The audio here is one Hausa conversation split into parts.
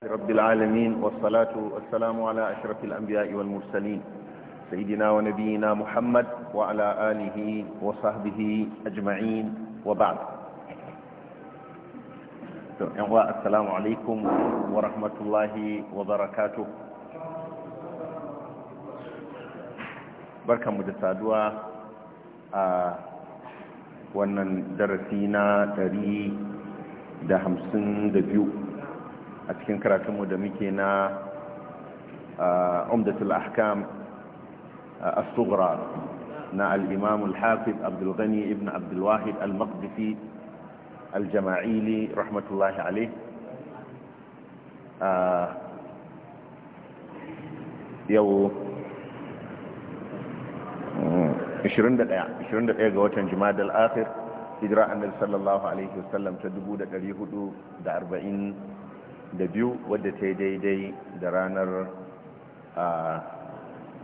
رب العالمين والصلاة والسلام على أشرف الأنبياء والمرسلين سيدنا ونبينا محمد وعلى آله وصحبه أجمعين وبعد السلام عليكم ورحمة الله وبركاته بركة مجسادوا wannan darasi na 152 a cikin karatunmu da muke na umdatul ahkam as-sughra na al-imam al-hafiz abdul ghani ibn abdul wahid al-maqdisi al-jama'ili rahmatullahi alayh yau 21 mm, ga watan jima'a al-akhir hijira annabi sallallahu alaihi wasallam ta 1440 da biyu wadda ta yi daidai da ranar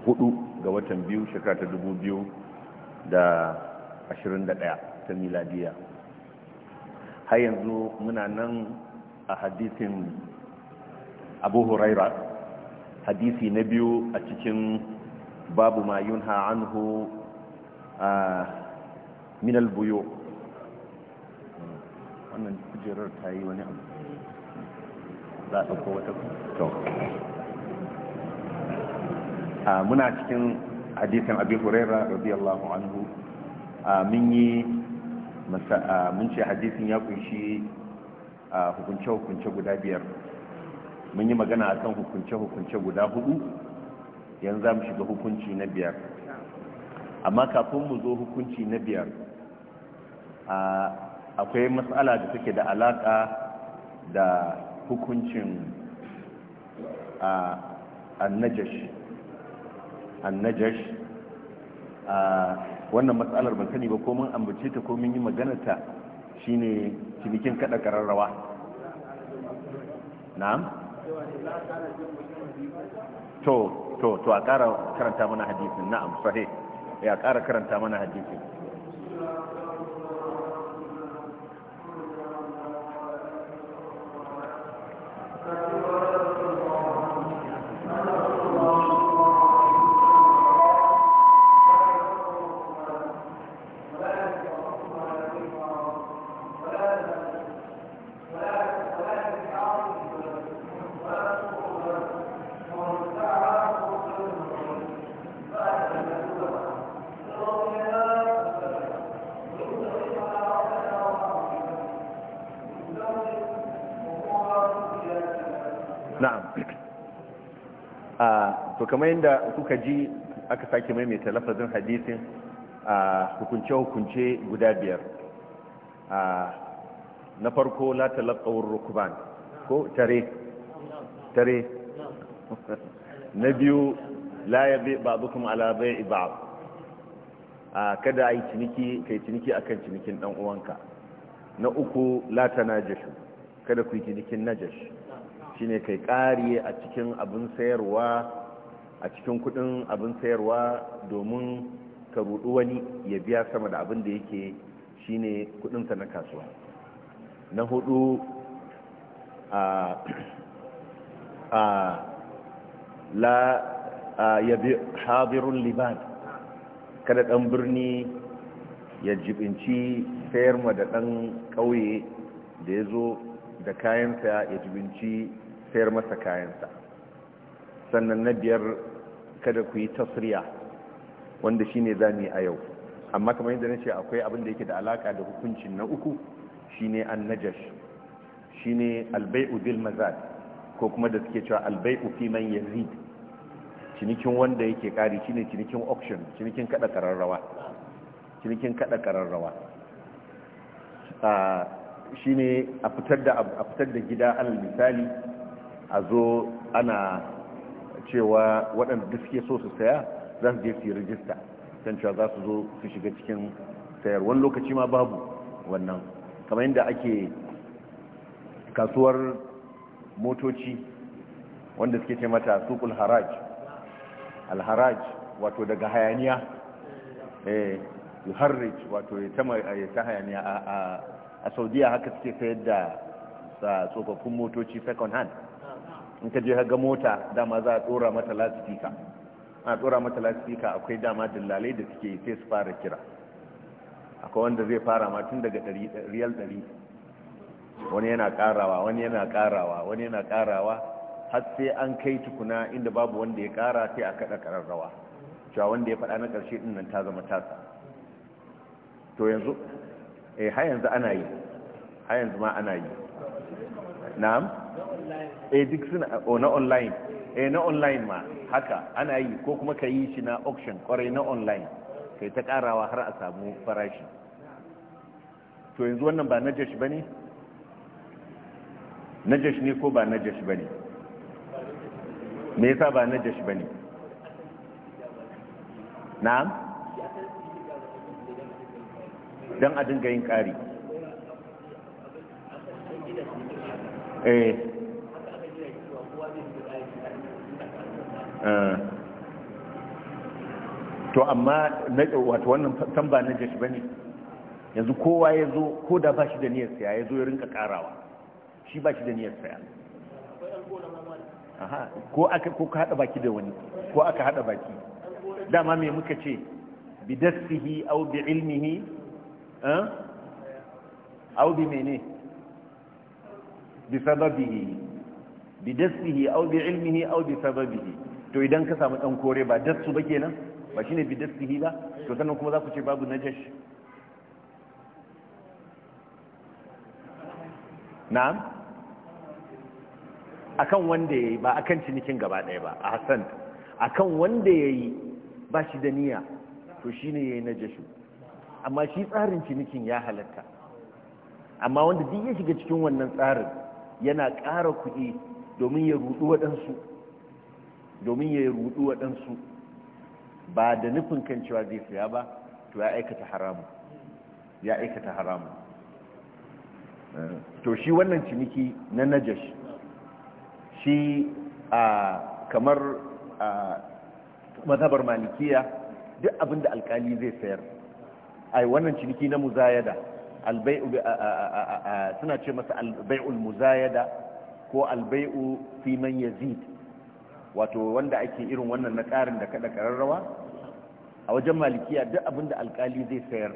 hudu ga watan biyu shekara ta dubu biyu da ashirin da daya ta miladiya har yanzu muna nan a hadisin abu huraira hadisi na biyu a cikin babu ma yunha a minal buyo wannan kujerar ta yi wani abu za a ɗauko wata a muna cikin hadisin abi huraira radiyallahu anhu mun yi mun ce hadisin ya kunshi hukunce-hukunce guda biyar mun yi magana a kan hukunce-hukunce guda hudu yanzu za mu shiga hukunci na biyar amma kafin mu zo hukunci na biyar akwai matsala da take da alaka da hukuncin annajash annajash wannan matsalar ban sani ba ko mun ambace ta ko mun yi maganarta shine cinikin kada kararrawa na'am to to to a ƙara karanta mana hadisin na'am sahih ya eh, ƙara karanta mana hadisin kamar yadda kuka ji aka sake maimaita lafazin hadisin a hukunce-hukunce guda biyar na farko la lafawar rukuban ko tare tare na biyu la yabi ba kuma alabai iba a kada yi ciniki kai ciniki akan cinikin dan uwanka na uku na tanajashu kada ku yi cinikin najash shine kai kariye a cikin abin sayarwa a cikin kudin abin sayarwa domin ka rudu wani ya biya sama da abin da yake shine kudinsa na kasuwa na hudu a a la yabi habirun liban kada dan birni ya jibinci sayar ma da dan kauye da ya zo da kayansa ya jibinci sayar masa kayansa sannan na biyar kada ku yi tasriya wanda shine zamu yi a yau amma kamar yadda nace akwai abin da yake da alaka da hukuncin na uku shine an-najash shine al-bai'u bil mazad ko kuma da suke cewa al-bai'u fi man yazid cinikin wanda yake kari shine cinikin auction cinikin kada kararrawa cinikin kada kararrawa a shine a fitar da a fitar da gida alal misali a zo ana cewa waɗanda da suke so su saya za su je su yi rijista don cewa za su zo su shiga cikin sayar wani lokaci ma babu wannan kamar yadda ake kasuwar motoci wanda suke ce mata sukul haraj alharaj wato daga hayaniya eh harrij wato ya ta hayaniya a saudiya haka suke sayar da tsofaffin motoci second hand in ka je ga mota dama za a tsora mata lasifika a tsora mata lasifika akwai dama dillalai da suke sai su fara kira akwai wanda zai fara ma tun daga riyal ɗari wani yana ƙarawa wani yana ƙarawa wani yana ƙarawa har sai an kai tukuna inda babu wanda ya ƙara sai a kada ƙararrawa cewa wanda ya faɗa na ƙarshe ɗin nan ta zama tasa to yanzu eh har yanzu ana yi har yanzu ma ana yi na'am eh duk suna o oh, na online eh na online ma haka ana yi ko kuma ka yi shi na auction kwarai na online kai ta karawa har a samu farashi to yanzu wannan ba najash bane najash ne ko ba najash bane me yasa ba najash bane na'am dan a dinga yin kari eh Eh. to amma wato wannan tamba ba na jashi ba ne yanzu kowa ya zo ko da ba shi da niyyar saya ya zo ya rinka karawa shi ba shi da niyyar saya ko aka ko ka hada baki da wani ko aka hada baki dama me muka ce bi dassihi aw bi ilmihi eh? aw bi mene bi sababihi bi dassihi aw bi ilmihi aw bi sababihi to idan ka samu dan kore ba dasu ba kenan ba shine bi dasu hila, to sannan kuma za ku ce babu najash na'am akan wanda yayi ba akan cinikin gaba daya ba a hasan akan wanda yayi ba shi da niyya to shine yayi najashu amma shi tsarin cinikin ya halatta amma wanda duk ya shiga cikin wannan tsarin yana ƙara kuɗi domin ya rudu waɗansu domin ya rudu waɗansu ba da nufin kan cewa zai siya ba to ya aikata haramu ya aikata haramu eh, to shi wannan ciniki na najash shi a kamar a mazhabar malikiya duk abinda alkali zai sayar ai wannan ciniki na muzayada suna ce masa albai'ul muzayada ko albai'u fi man yazid wato wanda ake irin wannan na ƙarin da kada ƙararrawa a wajen malikiya duk abinda da alƙali zai sayar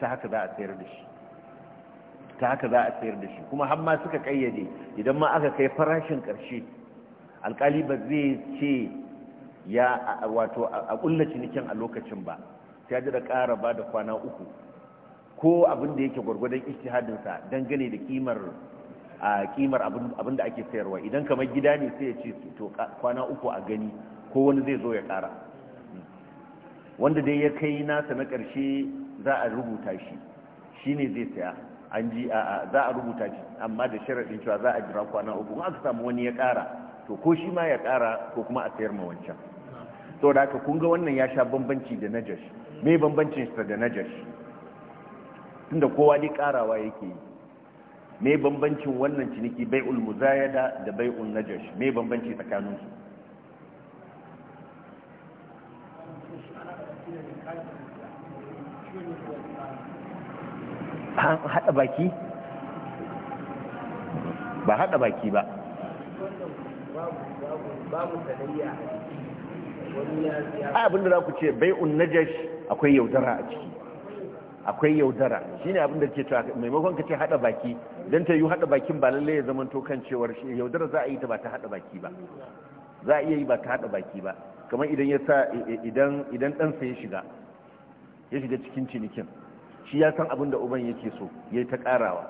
ta haka za a sayar da shi ta haka za a sayar da shi kuma har ma suka kayyade idan ma aka kai farashin ƙarshe alkali ba zai ce ya wato a ƙulla cinikin a lokacin ba sai ya da ƙara ba da kwana uku ko abin da yake gwargwadon ijtihadinsa dangane da kimar a kimar abin da ake sayarwa idan kamar gida ne sai ya ce to kwana uku a gani ko wani zai zo ya kara wanda dai ya kai nasa na karshe za a rubuta shi shi ne zai saya an ji za a rubuta shi amma da sharaɗin cewa za a jira kwana uku kuma aka samu wani ya kara to ko shi ma ya kara ko kuma a sayar ma wancan saboda haka kun ga wannan ya sha bambanci da najash me bambancin sa da najash tunda kowa dai karawa yake yi me bambancin wannan ciniki bai'ul muzayada da bai'ul najash me bambanci tsakaninsu haɗa baki ba haɗa baki ba abinda za ku ce bai'un najash akwai yaudara a ciki akwai yaudara shine abin da ke cewa maimakon ka ce hada baki don ta yi hada bakin ba lalle ya zama to kan cewar yaudara za a yi ta ba ta hada baki ba za a iya yi ba ta hada baki ba kamar idan ya sa idan idan dan sa ya shiga ya shiga cikin cinikin shi ya san abin da uban yake so ya yi ta karawa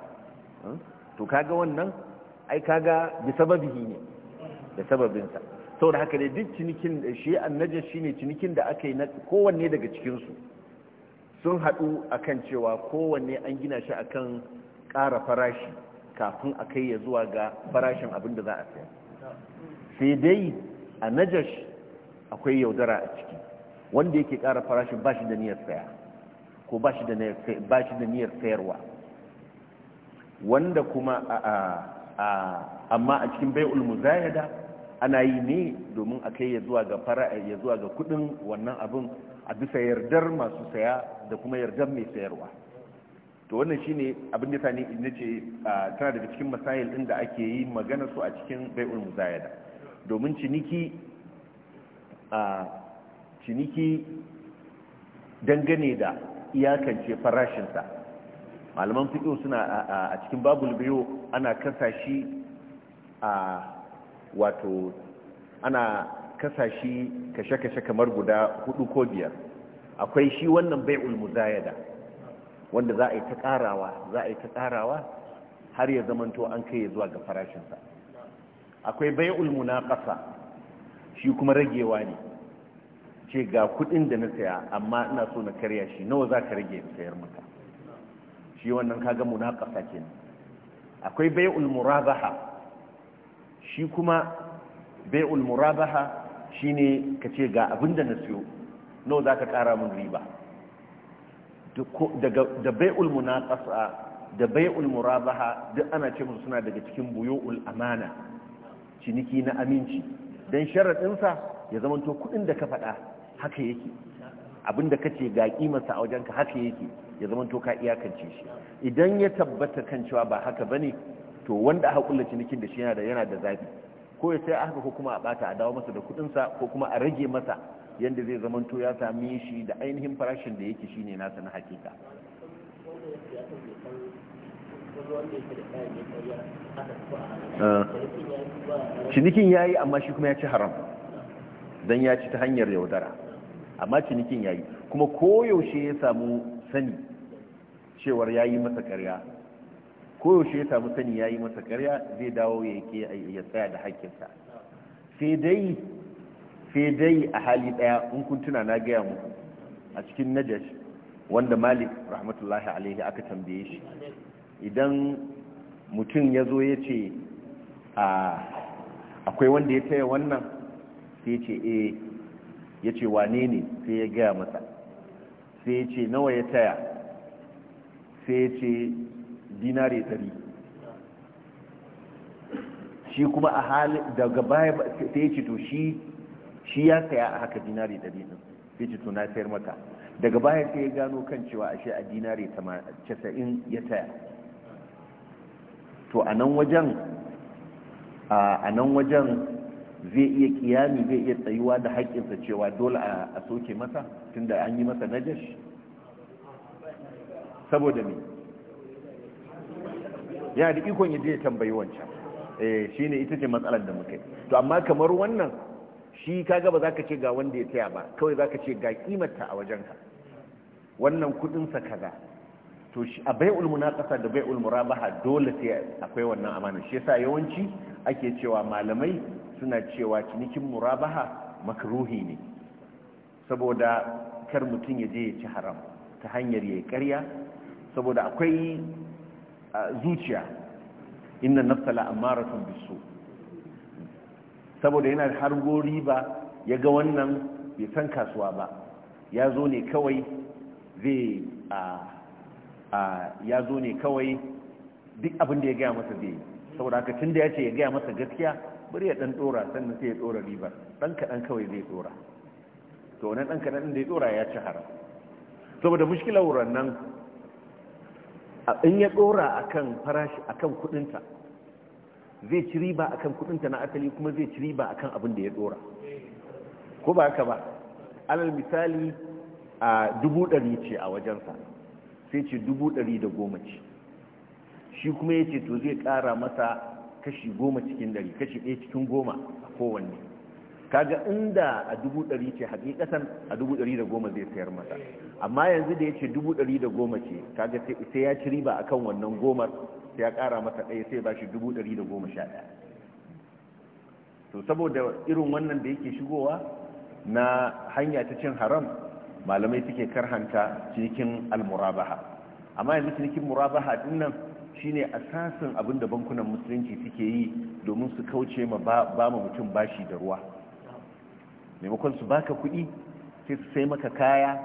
hmm? to kaga wannan ai kaga bi sababihi ne da sababin sa saboda haka ne duk cinikin shi annajin shine cinikin da aka yi na kowanne daga cikin su sun haɗu akan cewa kowanne an gina shi a kan ƙara farashi kafin a kai ya zuwa ga farashin abin da za a sayar sai dai a najash akwai yaudara a ciki wanda yake ƙara farashi ba shi da niyyar saya ko ba shi da niyyar sayarwa wanda kuma amma a cikin bai'ul muzayada ana yi ne domin a kai ya zuwa ga kudin wannan abin a bisa yardar masu saya da kuma yardar mai sayarwa to wannan shine abin da sani na ce tana daga cikin masayil din da ake yi magana su a cikin bai'ul muzayada domin ciniki a ciniki dangane da iyakance farashinsa malaman fiƙo suna a cikin babul biyo ana kasashi a wato ana kasashi kashe-kashe kamar guda hudu ko biyar akwai shi wannan bai'ul muzayada wanda za a yi ta karawa za a yi ta karawa har ya zamanto an kai zuwa ga farashinsa akwai bai'ul munaqasa shi kuma ragewa ne ce ga kudin da na saya amma ina so na karya shi nawa za ka rage sayar maka shi wannan kaga munaqasa kenan akwai bai'ul murabaha shi kuma bai'ul murabaha shine ka ce ga abin da na siyo nawa za ka ƙara min riba da bai ulmuna ƙasa da bai bai'ul murabaha duk ana ce musu suna daga cikin buyo amana ciniki na aminci don sharaɗinsa ya zama to kuɗin da ka faɗa haka yake abin da ka ce ga kimarsa a wajenka haka yake ya zama ka iyakance shi idan ya tabbata kan cewa ba haka ba ne to wanda aka cinikin da shi yana da zafi ko ya sai haka ko kuma a bata a dawo masa da kuɗinsa ko kuma a rage masa yadda zai zamanto ya same shi da ainihin farashin da yake shine nasa na hakika eh. cinikin ya yi amma shi kuma ya ci haram don ya ci ta hanyar yaudara amma cinikin ya yi kuma koyaushe ya samu sani cewar ya yi masa karya koyaushe ya samu sani ya yi masa karya zai dawo ya ke ya tsaya da haƙƙinsa sai dai a hali ɗaya in kun tuna na gaya muku a cikin najash wanda malik rahmatullahi alaihi aka tambaye shi idan mutum ya zo ya ce akwai wanda ya taya wannan sai ya ce e ya ce wane ne sai ya gaya masa sai ya ce nawa ya taya sai ya ce dinare tari shi kuma a halin daga baya sai ya ce to shi shi ya saya a haka dinare tari ɗin ta yi cito na sayar mata daga baya sai ya gano kan cewa ashe a dinare casa'in ya taya to a nan wajen a nan wajen zai iya kiyami zai iya tsayuwa da haƙƙinsa cewa dole a soke masa tunda an yi masa najash saboda me yana da ikon ya je ya tambayi wancan eh, shi ne ita ce matsalar da muka muke to amma kamar wannan shi ka gaba za ka ce ga wanda ya taya ba kawai za ka ce ga kimarta a wajenka wannan kudin sa kaza to shi a bai'ul munaqasa da bai'ul murabaha dole sai akwai wannan amana shi yasa yawanci ake cewa malamai suna cewa cinikin murabaha makruhi ne saboda kar mutum ya je ya ci haram ta hanyar yayi karya saboda akwai zuciya inna naftala la amaratun bisu saboda yana har gori ba ya ga wannan bai san kasuwa ba ya zo ne kawai zai a ya zo ne kawai duk abin da ya gaya masa zai saboda haka tun da ya ce ya gaya masa gaskiya bari ya dan dora sannan sai ya dora ribar dan kaɗan kawai zai dora to wani dan kaɗan da ya dora ya ci haram saboda mushkilar nan in ya dora kan farashi kan kudinta zai ci riba kan kudinta na asali kuma zai ci riba kan abin da ya ɗora. ko ba haka ba alal misali a dubu ɗari ce a wajensa sai ce dubu ɗari da goma ce shi kuma ya ce to zai kara masa kashi goma cikin ɗari kashi ɗaya cikin goma a kowanne kaga inda a dubu ɗari ce hakikatan a dubu ɗari da goma zai sayar mata amma yanzu da ya ce dubu ɗari da goma ce kaga sai ya ci riba akan wannan gomar sai ya ƙara mata ɗaya sai ba shi dubu ɗari da goma sha ɗaya to saboda irin wannan da yake shigowa na hanya ta cin haram malamai suke karhanta cinikin almurabaha amma yanzu cinikin murabaha din nan shine asasin abin da bankunan musulunci suke yi domin su kauce ma ba mutum bashi da ruwa maimakon su baka kuɗi sai su sai maka kaya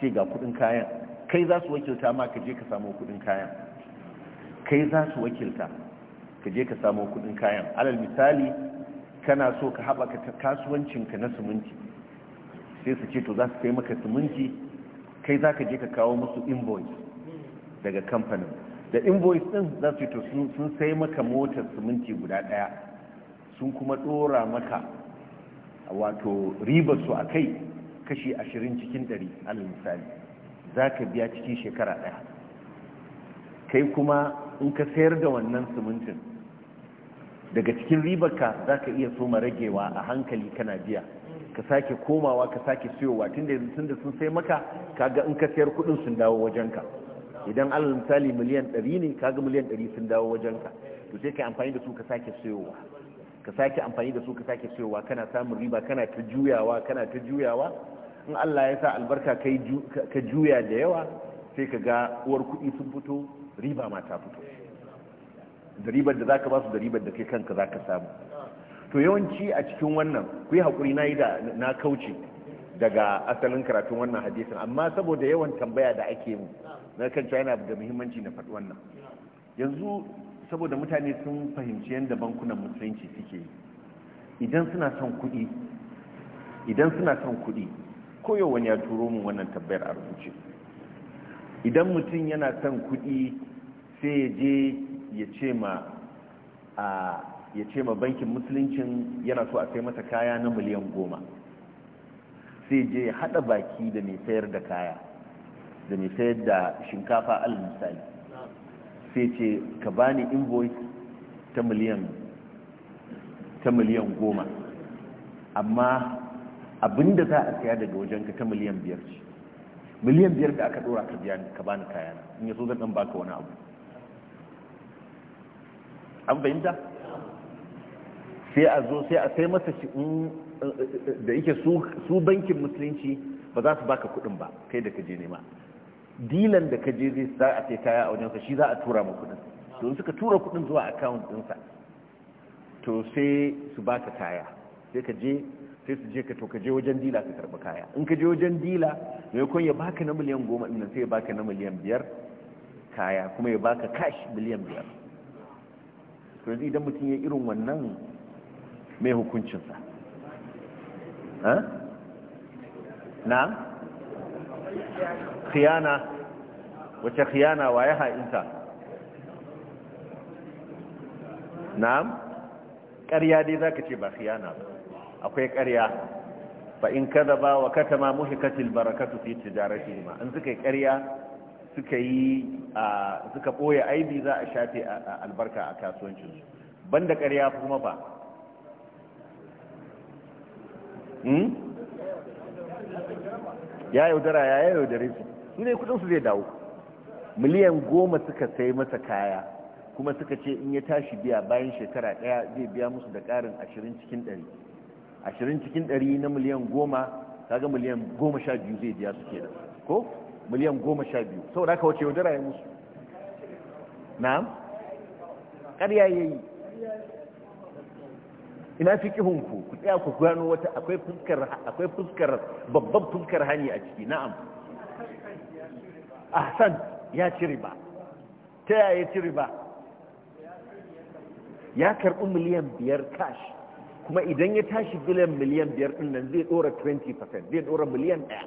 sai ga kuɗin kayan kai za su wakilta ma ka je ka samu kuɗin kayan kai za su wakilta ka je ka samu kuɗin kayan alal misali kana so ka haɓaka kasuwancinka na siminti sai su ce to za su sai maka siminti kai za ka je ka kawo musu invoice daga kamfanin da invoice ɗin za su to sun sai maka motar siminti guda ɗaya sun kuma ɗora maka wato ribar su kai kashi ashirin cikin 100 alal misali zaka biya cikin shekara daya kai kuma in ka sayar da wannan simintin daga cikin ribarka zaka iya soma ragewa a hankali kana biya ka sake komawa ka sake siyowa tunda yanzu tunda sun sai maka kaga in ka sayar kudin sun dawo wajenka idan alal misali miliyan 100 ne kaga miliyan 100 sun dawo wajenka to sai kai amfani da su ka sake siyowa ka sake amfani da su ka sake sayowa kana samun riba kana ta juyawa kana ta juyawa in Allah ya sa albarka ka juya da yawa sai ka ga uwar kuɗi sun fito riba ma ta fito da ribar da zaka ba su da ribar da kai kanka zaka samu to yawanci a cikin wannan ku yi haƙuri na yi da na kauce daga asalin karatun wannan hadisin amma saboda yawan tambaya da ake mu na kan yana da muhimmanci na faɗi wannan yanzu saboda mutane sun fahimci yadda bankunan musulunci suke idan suna son kuɗi idan suna son kuɗi ya turo mu wannan tabbayar a rubuce idan mutum yana son kuɗi sai ya je ya ce ma bankin musuluncin yana so a sai masa kaya na miliyan goma sai je ya haɗa baki da mai sayar da kaya da mai sayar da shinkafa al misali sai ce ka bani invoice ta miliyan ta miliyan goma amma abinda za a saya daga wajenka ta miliyan biyar ce miliyan biyar da aka dora ka biya ka bani kayana in yaso zan dan baka wani abu an fahimta sai a zo sai a sai masa shi da yake su bankin musulunci ba za su baka kudin ba kai da ka je nema dilan da ka je zai za a ce kaya a wajen sa shi za a tura ma kudin to suka tura kudin zuwa account ɗinsa to sai su ba kaya sai ka je sai su je ka to ka je wajen dila ka karba kaya in ka je wajen dila maimakon ya baka na miliyan goma din sai ya baka na miliyan biyar kaya kuma ya baka cash miliyan biyar to yanzu idan mutum ya irin wannan mai hukuncinsa na khiyana wace khiyana wa ya ha'inta na'am ƙarya dai za ka ce ba khiyana akwai ƙarya fa in kada ba wa kata ma katil barakatu fi tijarati ma An suka yi ƙarya suka yi suka ɓoye aibi za a shafe albarka a kasuwancinsu banda ƙarya kuma ba hmm? ya yaudara ya yaudare su su ne kudinsu zai dawo miliyan goma suka sai masa kaya kuma suka ce in ya tashi biya bayan shekara daya zai biya musu da karin ashirin cikin dari ashirin cikin dari na miliyan goma kaga miliyan goma sha biyu zai biya su ke da ko miliyan goma sha biyu saboda haka wace yaudara ya musu na'am ƙarya ya yi ina fi ku ku tsaya ku gano wata akwai fuskar akwai fuskar babban fuskar hani a ciki na'am ahsan ya ci riba ta yaya ci riba ya karɓi miliyan biyar cash kuma idan ya tashi biliyan miliyan biyar ɗin nan zai ɗora 20% zai ɗora miliyan ɗaya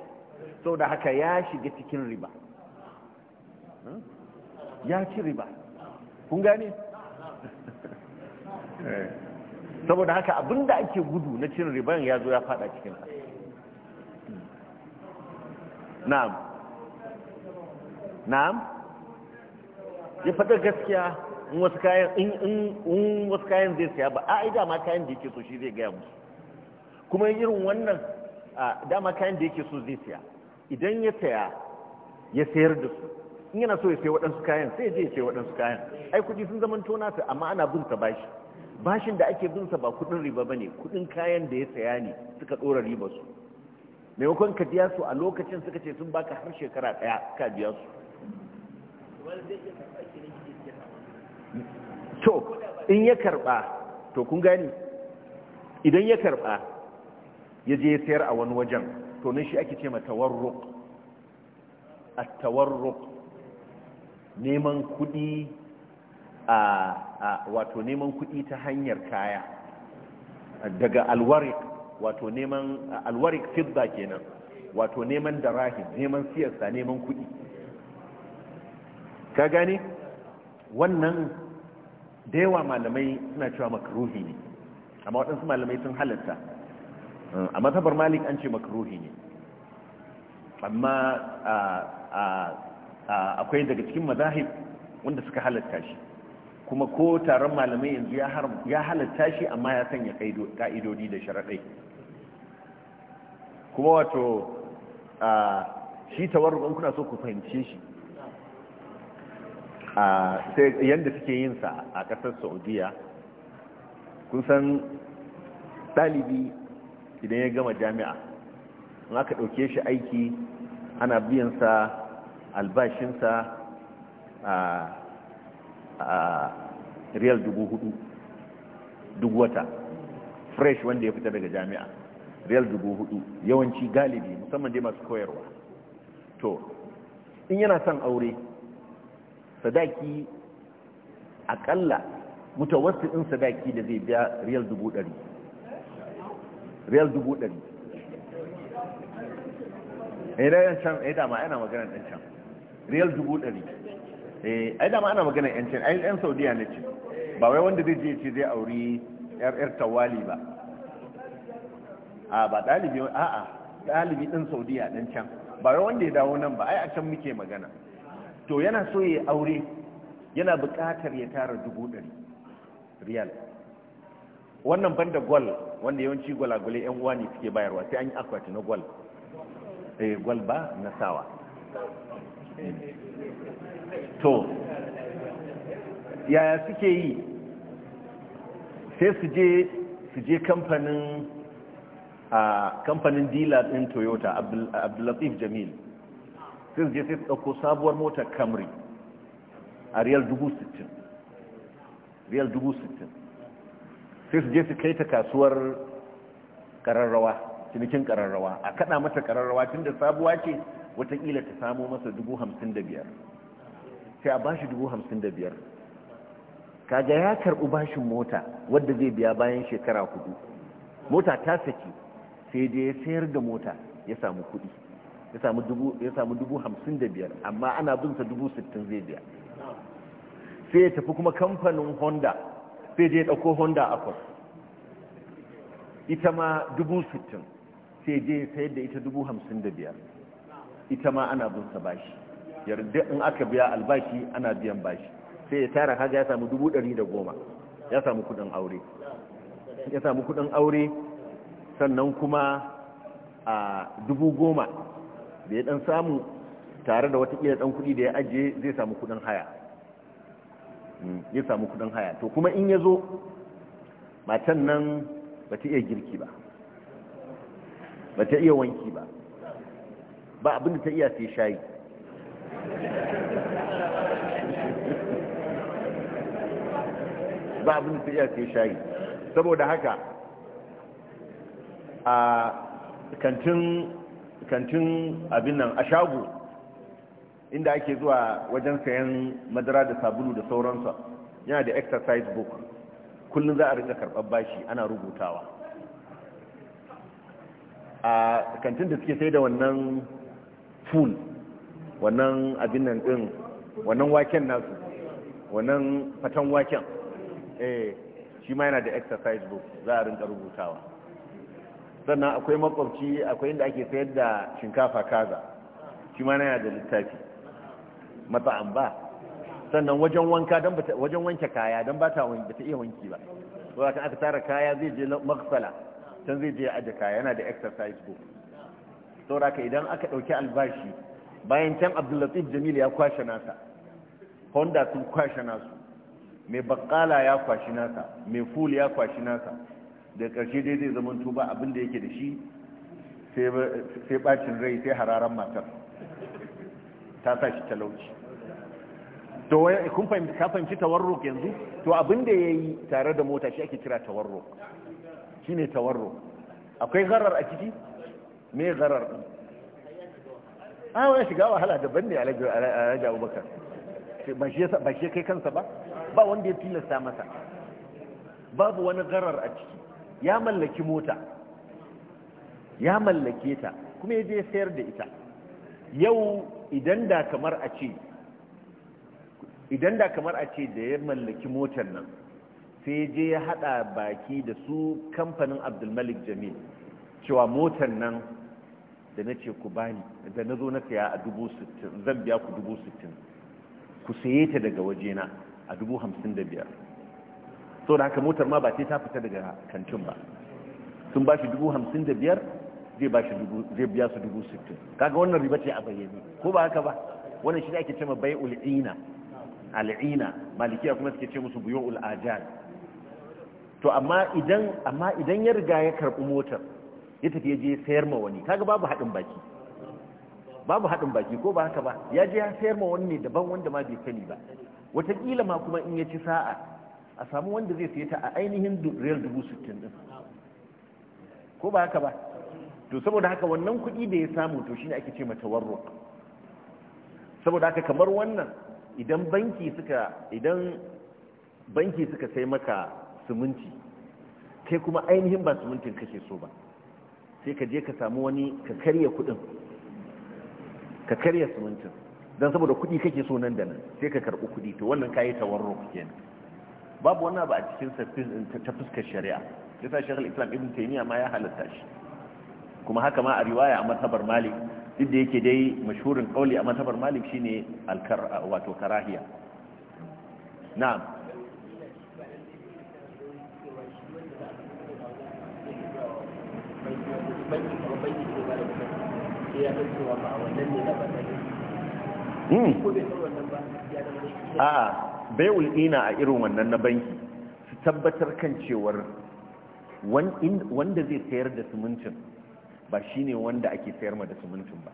sau da haka ya shiga cikin riba hmm? ya ci riba kun gane? Eh. saboda haka abinda ake gudu na cin riba ya zo ya fada cikin sa na'am na'am ya fada gaskiya in wasu kayan in wasu kayan zai saya ba a dama kayan da yake so shi zai gaya musu kuma irin wannan dama kayan da yake so zai saya idan ya saya ya sayar da su in yana so ya sayi waɗansu kayan sai ya je ya sayi waɗansu kayan ai kuɗi sun zama tona su amma ana bin ta bashi bashin da ake binsa ba kudin riba ba ne kudin kayan da ya saya ne suka dora riba su maimakon ka biya su a lokacin suka ce sun baka har shekara daya ka biya su to in ya karba to kun gani idan ya karba ya je ya sayar a wani wajen to nan shi ake ce ma tawarruq at-tawarruq neman kudi a wato neman kuɗi ta hanyar kaya daga alwarik wato neman alwarik fidda kenan wato neman rahim neman siyasa, neman kuɗi ka gane wannan da yawa malamai suna cewa makaruhi ne amma waɗansu malamai sun halatta a matabar malik an ce makaruhi ne amma akwai daga cikin mazahib wanda suka halatta shi kuma ko taron malamai yanzu ya halatta shi amma ya sanya ka'idodi da sharaɗai kuma wato shi tawarrukun kuna so ku fahimce shi yadda suke sa a ƙasar saudiya kusan san ɗalibi idan ya gama jami'a in aka ɗauke shi aiki ana biyan biyansa albashinsa riyal dubu hudu duk wata fresh wanda ya fita daga jami'a riyal dubu hudu yawanci galibi musamman dai masu koyarwa to in yana son aure sadaki akalla din sadaki da zai biya riyal dubu dari riyal dubu dari idan eh, can ai eh, dama ana maganar ɗan can riyal dubu dari eh, ai dama ana maganar yan can ai yan saudiya na ce ba wai wanda zai je ce zai auri yar tawali ba a ba dalibi a a dalibi din saudiya din can ba wai wanda ya dawo nan ba ai a can muke magana to yana so ya aure yana buƙatar ya tara dubu ɗari riyal wannan banda gwal wanda yawanci gwalagwale yan uwa ne suke bayarwa sai an yi akwati na gwal eh gwal ba na sawa to yaya suke yi sai su je su je kamfanin a kamfanin dila din toyota abdullatif jamil sai su je sai su ɗauko sabuwar motar camry a riyal 60,000 riyal 60,000 sai su je su kai ta kasuwar ƙararrawa cinikin ƙararrawa a kaɗa mata ƙararrawa tun da sabuwa ce watakila ta samo masa 55,000 sai a ba shi 55,000 kaga ya karɓi bashin mota wadda zai biya bayan shekara hudu mota ta saki sai dai ya sayar da mota ya samu kuɗi ya samu dubu hamsin da biyar amma ana binsa dubu sittin zai biya sai ya tafi kuma kamfanin honda sai dai ya ɗauko honda kwas ita ma dubu sittin sai dai ya sayar da ita dubu hamsin da biyar ita ma ana binsa bashi yarda in aka biya albashi ana biyan bashi sai ya tara kaga ya samu dubu ɗari da goma ya samu kuɗin aure ya samu kudin aure sannan kuma a dubu goma da ya ɗan samu tare da watakila ɗan kuɗi da ya ajiye zai samu kuɗin haya hmm, ya samu kudin haya to kuma in ya zo matan nan ba ta iya girki ba ba ta iya wanki ba ba abinda ta iya sai shayi ba abin da iya sai shayi saboda haka a kantin abin nan a shago inda ake zuwa wajen sayan madara da sabulu da sauransa yana da exercise book kullum za a rika karɓar bashi ana rubutawa a kantin da suke sai da wannan full wannan abin nan din wannan waken nasu wannan fatan waken Eh, shi ma yana da exercise book za a rinka rubutawa sannan akwai makwabci akwai inda ake sayar da shinkafa kaza shi ma yana da littafi mata'an ba sannan wajen wanka don wajen wanke kaya don ba ta iya wanki ba so kan aka tara kaya zai je maksala can zai je aje kaya yana da exercise book saboda ka idan aka ɗauki albashi bayan can abdullatif jamil ya kwashe nasa honda sun kwashe nasu mai bakala ya kwashi nasa mai ful ya kwashi nasa da ƙarshe dai zai zama tuba abinda yake da shi sai bacin rai sai hararan matar ta sa shi talauci to kun fahimci ka fahimci tawarruk yanzu to abin da yayi tare da mota shi ake kira tawarruk shine tawarruk akwai gharar a ciki me gharar din ah wai shiga wahala daban ne alhaji Abubakar ba shi kai kansa ba ba wanda ya tilasta masa babu wani garar a ciki ya mallaki mota ya mallake ta kuma ya je sayar da ita yau idan da kamar a ce idan da kamar a ce da ya mallaki motar nan sai je ya hada baki da su kamfanin abdulmalik jamil cewa motar nan da na ce ku bani da na zo na saya a dubu sittin zan biya ku dubu sittin ku saye ta daga wajena a dubu hamsin da biyar so da haka motar ma ba ce ta fita daga kantin ba sun ba shi dubu hamsin da biyar zai biya su dubu sittin kaga wannan riba ce a bayyane ko ba haka ba wannan shi ne ake cewa bai ul'ina al'ina malikiya kuma suke ce musu buyo ul'ajal to amma idan amma idan ya riga ya karɓi motar ya tafi ya je sayar ma wani kaga babu haɗin baki babu haɗin baki ko ba haka ba ya je ya sayar ma wani ne daban wanda ma bai sani ba watakila ma kuma in ya ci sa'a a samu wanda zai saye ta a ainihin riyal dubu sittin din ko ba haka ba to saboda haka wannan kuɗi da ya samu to shine ake ce mata warro saboda haka kamar wannan idan banki suka idan banki suka sai maka siminti kai kuma ainihin ba simintin kake so ba sai ka je ka samu wani ka karya kuɗin ka karya simintin don saboda kuɗi kake so nan da nan sai ka karɓi kuɗi to wannan kayi tawarro kenan babu wannan ba a cikin sabbin ta fuskar shari'a yasa shekul islam ibn taymiya ma ya halatta shi kuma haka ma a riwaya a matabar malik duk da yake dai mashhurin kauli a matabar malik shine alkar wato karahiya na'am ya ba a wannan ne na Hmm. a bayul ina a irin wannan na banki su tabbatar kan cewar wanda zai sayar da simintin ba shine wanda ake sayar ma da simintin ba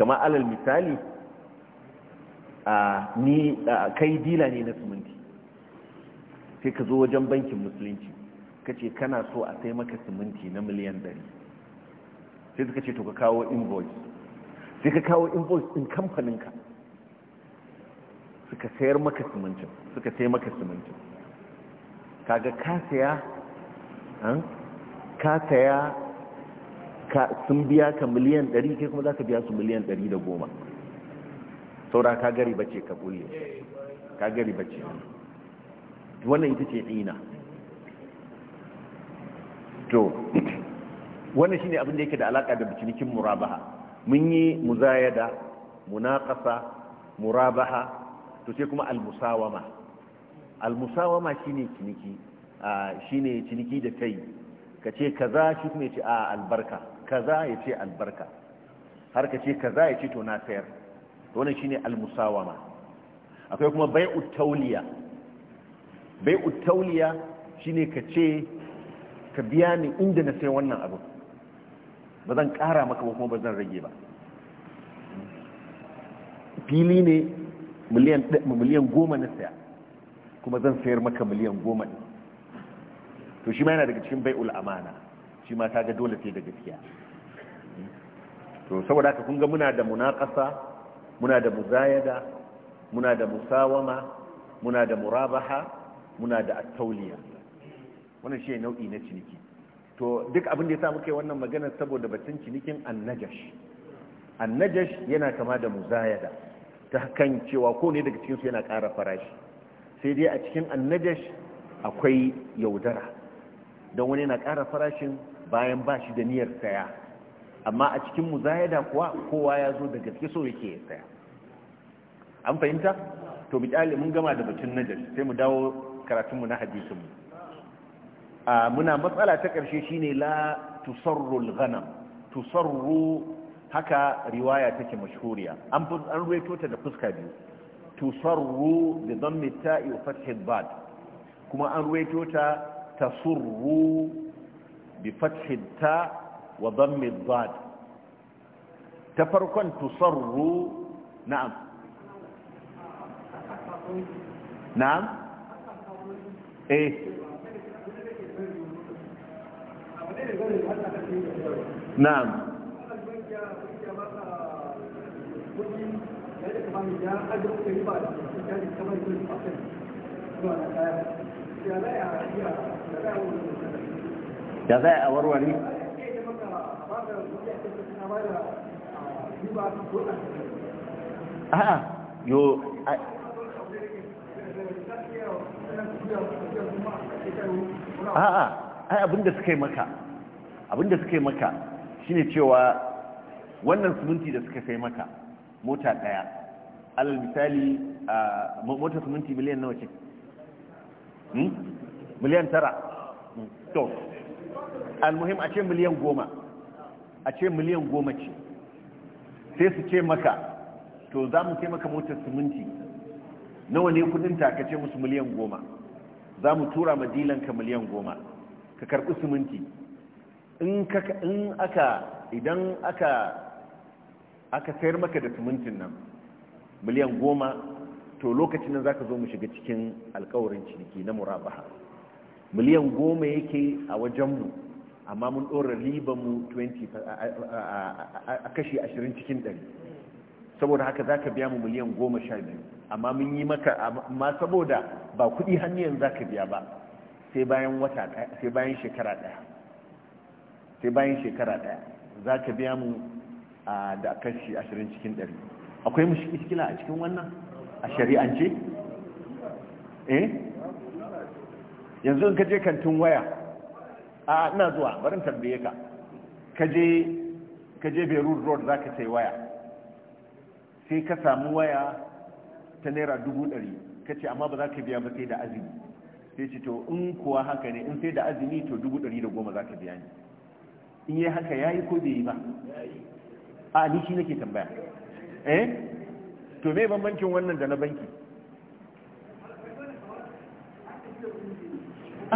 kama alal misali a ni kai dila ne na siminti sai ka zo wajen bankin musulunci ka ce kana so a sai maka siminti na miliyan 100 sai suka ce to ka kawo invoice sai ka kawo invoice din kamfaninka suka sayar maka simintin suka sai maka simintin kaga ka saya ka saya ka sun biya ka miliyan 100 kai kuma za ka biya su miliyan 110 saura ka gari bace ka bulle ka gari bace wannan ita ce dina to wannan shine abin da yake da alaka da bicinikin murabaha mun yi muzayada munaqasa murabaha to sai kuma almusawama almusawama shine ciniki shine ciniki da kai ka ce kaza shi kuma ce a albarka kaza ya albarka har ka ce kaza ya to na sayar to wannan shine almusawama akwai kuma bai'ut tawliya bai'ut tawliya shine ka ce ka biya ni inda na sai wannan abu ba zan ƙara maka ba kuma ba zan rage ba fili ne miliyan goma na saya kuma zan sayar maka miliyan goma ne to shi ma yana daga cikin bai'ul amana shi ma ga dole sai da gaskiya to saboda haka kun ga muna da munakasa muna da muzayada muna da musawama muna da murabaha muna da attauliya wannan shi nau'i na ciniki to duk abin da ya sa muke wannan magana saboda batun cinikin annajash annajash yana kama da muzayada ta kan cewa ko ne daga cikinsu yana ƙara farashi sai dai a cikin annajash akwai yaudara don wani yana ƙara farashin bayan ba shi da niyyar saya amma a cikin muzayada kuwa kowa ya zo da gaske so yake saya an fahimta to mu mun gama da batun najash sai mu dawo karatunmu na hadisinmu muna matsala ta ƙarshe shine la tusarrul ghanam tusarru haka riwaya take mashhuriya an an ruwaito ta da fuska biyu tusarru bi dhammi ta'i wa fathi ad kuma an ruwaito ta tasurru bi fathi ta wa dhammi ad ta farkon tusarru na'am na'am eh na'am da za a warware a'a yo a'a ai abinda suka yi maka abinda suka yi maka shine cewa wannan siminti da suka sai maka mota daya alal misali a mota siminti miliyan nawa ce hmm? miliyan tara to almuhim a ce miliyan goma a ce miliyan goma ce sai su ce maka to za mu sai maka motar siminti nawa ne ka ce musu miliyan goma za mu tura madilanka miliyan goma ka karɓi siminti in aka idan aka aka sayar maka da simintin nan miliyan goma to lokacin nan ka zo mu shiga cikin alkawarin ciniki na murabaha miliyan goma yake a wajenmu amma mun ɗora ribanmu 20 a kashi 20 cikin 100 saboda haka za ka biya mu miliyan goma sha biyu amma mun yi maka amma saboda ba kuɗi hannu yanzu za ka biya ba sai bayan shekara ɗaya sai bayan shekara daya za ka biya mu da kashi ashirin cikin ɗari akwai iskila a cikin wannan a shari'ance eh yanzu in ka je kantin waya a ina zuwa barin tambaye ka ka je beirut road za ka sai waya sai ka samu waya ta naira dubu ɗari ka ce amma ba za ka biya ba sai da azumi sai ce to in kuwa haka ne in sai da azumi to dubu ɗari da goma za ka biya ne in yi haka ya yi ko bai yi ba a ni shi nake tambaya eh to me bambancin wannan da na banki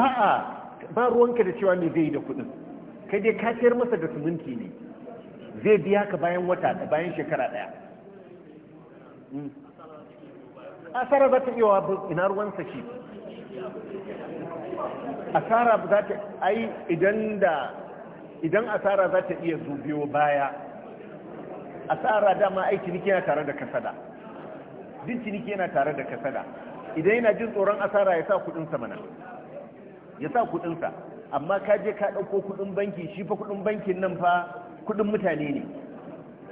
a'a ba ruwanka da cewa me zai yi da kudin kai dai ka masa da suminti ne zai biya ka bayan wata da bayan shekara daya hmm. asara za ta iya ina ruwansa shi asara za ta ai idan da idan asara za ta iya zo biyo baya asara dama ai ciniki yana tare da kasada duk ciniki yana tare da kasada idan yana jin tsoron asara ya sa kudinsa mana ya sa kudinsa amma ka je ka ɗauko kudin banki shi fa kudin bankin nan fa kudin mutane ne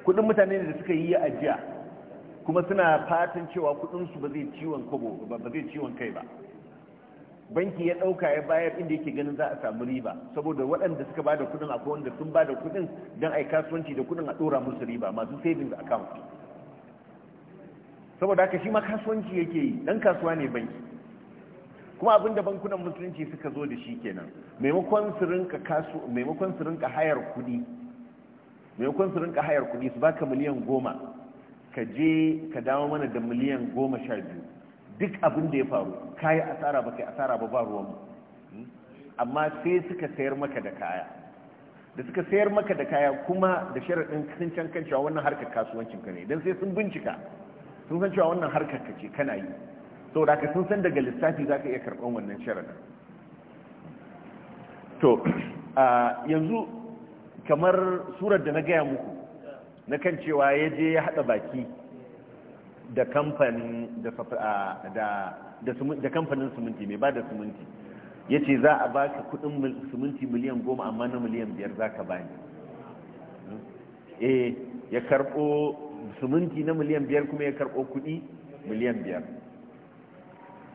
kudin mutane ne da suka yi ajiya kuma suna fatan cewa kudinsu ba zai ciwon kai ba banki ya ɗauka ya bayar inda yake ganin za a samu riba saboda waɗanda suka ba da kuɗin akwai wanda sun ba da kuɗin don a yi kasuwanci da kuɗin a ɗora musu riba masu savings account saboda haka shi ma kasuwanci yake yi ɗan kasuwa ne banki kuma abin da bankunan musulunci suka zo da shi kenan maimakon su rinka maimakon su rinka hayar kuɗi maimakon su rinka hayar kuɗi su baka miliyan goma ka je ka dawo mana da miliyan goma sha biyu duk abin da ya faru kayi asara ba kai asara ba ba ruwanmu amma sai suka sayar maka da kaya da suka sayar maka da kaya kuma da sharaɗin sun can wannan harkar kasuwancin ka ne don sai sun bincika sun san cewa wannan harkar ka ce kana yi sau da ka sun san daga lissafi za ka iya karɓar wannan sharaɗin to yanzu kamar surar da na gaya muku na kan cewa ya je ya haɗa baki da kamfanin suminti siminti mai ba da siminti ya ce za a ka kudin siminti miliyan goma amma na miliyan biyar za ka bani eh ya karbo siminti na miliyan biyar kuma ya karbo kudi miliyan biyar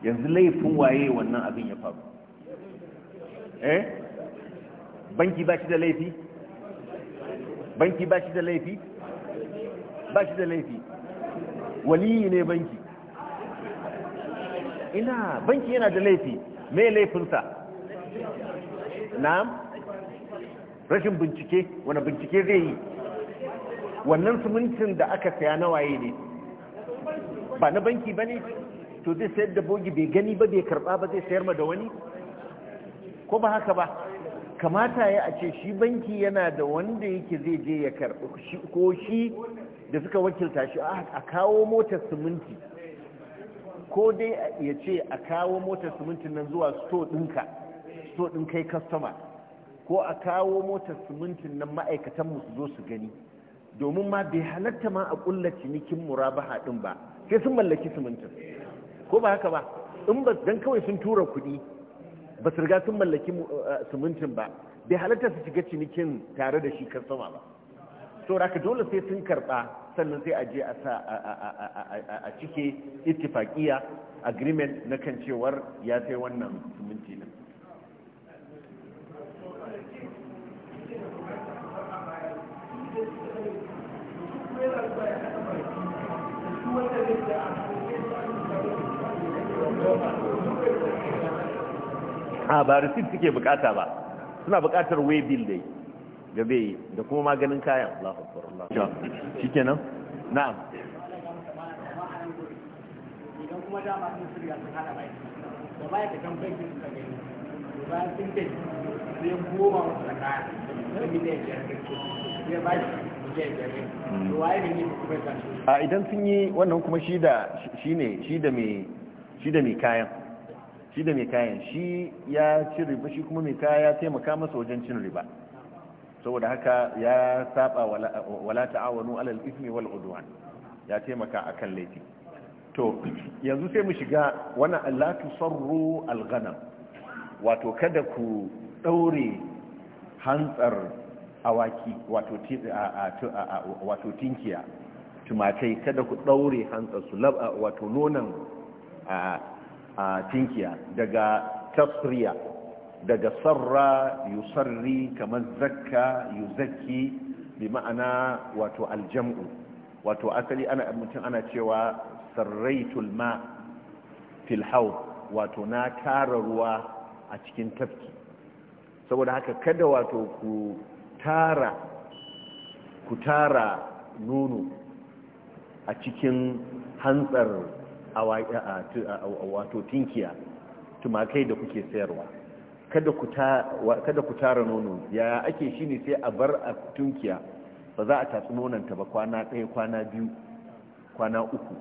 yanzu laifin waye wannan abin ya faru eh banki ba shi da laifi banki ba shi da laifi ba shi da laifi waliyi ne banki ina banki yana da laifi mai laifinsa na rashin bincike wani bincike zai yi wannan simintin da aka saya na waye ne ba na banki ba ne to zai sayar da bogi bai gani ba bai karba ba zai sayar ma da wani ko ba haka ba kamata ya a ce shi banki yana da wanda yake zai je ya karba ko shi da suka wakilta shi ah, a kawo motar siminti ko dai ya ce a kawo motar simintin nan zuwa sto ɗinka sto ɗin kai kastama ko a kawo motar simintin nan ma'aikatan mu su zo su gani domin ma bai halatta ma a kulla cinikin murabaha ɗin ba sai sun mallaki simintin ko ba haka ba in ba dan kawai sun tura kuɗi ba su riga sun mallaki eh, simintin ba bai halatta su shiga cinikin tare da shi kastama ba saboda dole sai sun karba sannan sai a je a sa a cike itifakiya agreement na kan cewar ya sai wannan siminti din a ah, ba risit suke bukata ba suna bukatar waybill dai da bai da kuma maganin kayan Allahu akbar idan kuma sun yi wannan kuma shi da shi ne shi mai kayan shi da mai kayan shi ya ci riba shi kuma mai kaya ya taimaka masa wajen cin riba saboda haka ya saba wala ta'awanu alal ismi wal udwan ya taimaka akan laifi to yanzu sai mu shiga wannan Allah tusarru al ghanam wato kada ku daure hantsar awaki wato wato tinkiya tumatai kada ku daure hantsar su wato nonan a tinkiya daga tasriya daga sarra yusarri kamar zakka yuzakki bi ma'ana wato aljam'u wato asali ana mutum ana cewa sarraitul ma fil wato na tara ruwa a cikin tafki saboda haka kada wato ku tara ku tara nono a cikin hantsar wato tinkiya tumakai da kuke sayarwa kada ku tara nono yaya ake shi ne sai a bar a tunkiya ba za a tatsi ta ba kwana ɗaya kwana biyu kwana uku